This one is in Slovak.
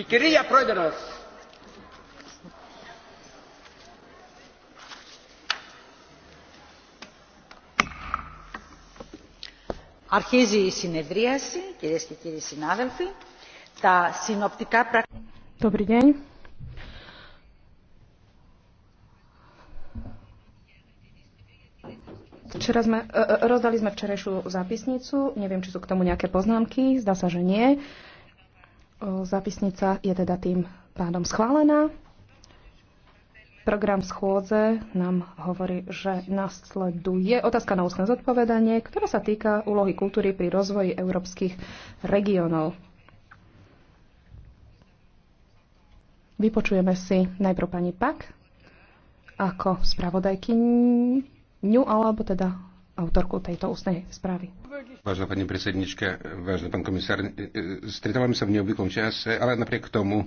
y quería prohibirlos. Αρχίζει η συνεδρίαση, κυρίες και κύριοι συνάδελφοι. Τα συνοπτικά πρακτικά... Včera sme, e, e, rozdali sme včerajšiu zápisnicu, neviem, či sú k tomu nejaké poznámky, zdá sa, že nie. Zápisnica je teda tým pádom schválená. Program schôdze nám hovorí, že nasleduje otázka na ústne zodpovedanie, ktorá sa týka úlohy kultúry pri rozvoji európskych regiónov. Vypočujeme si najprv pani Pak ako spravodajkyňu, alebo teda autorkou tejto ústnej správy. Vážená pani predsednička, vážený pán komisár, e, e, stretávame sa v neobvyklom čase, ale napriek tomu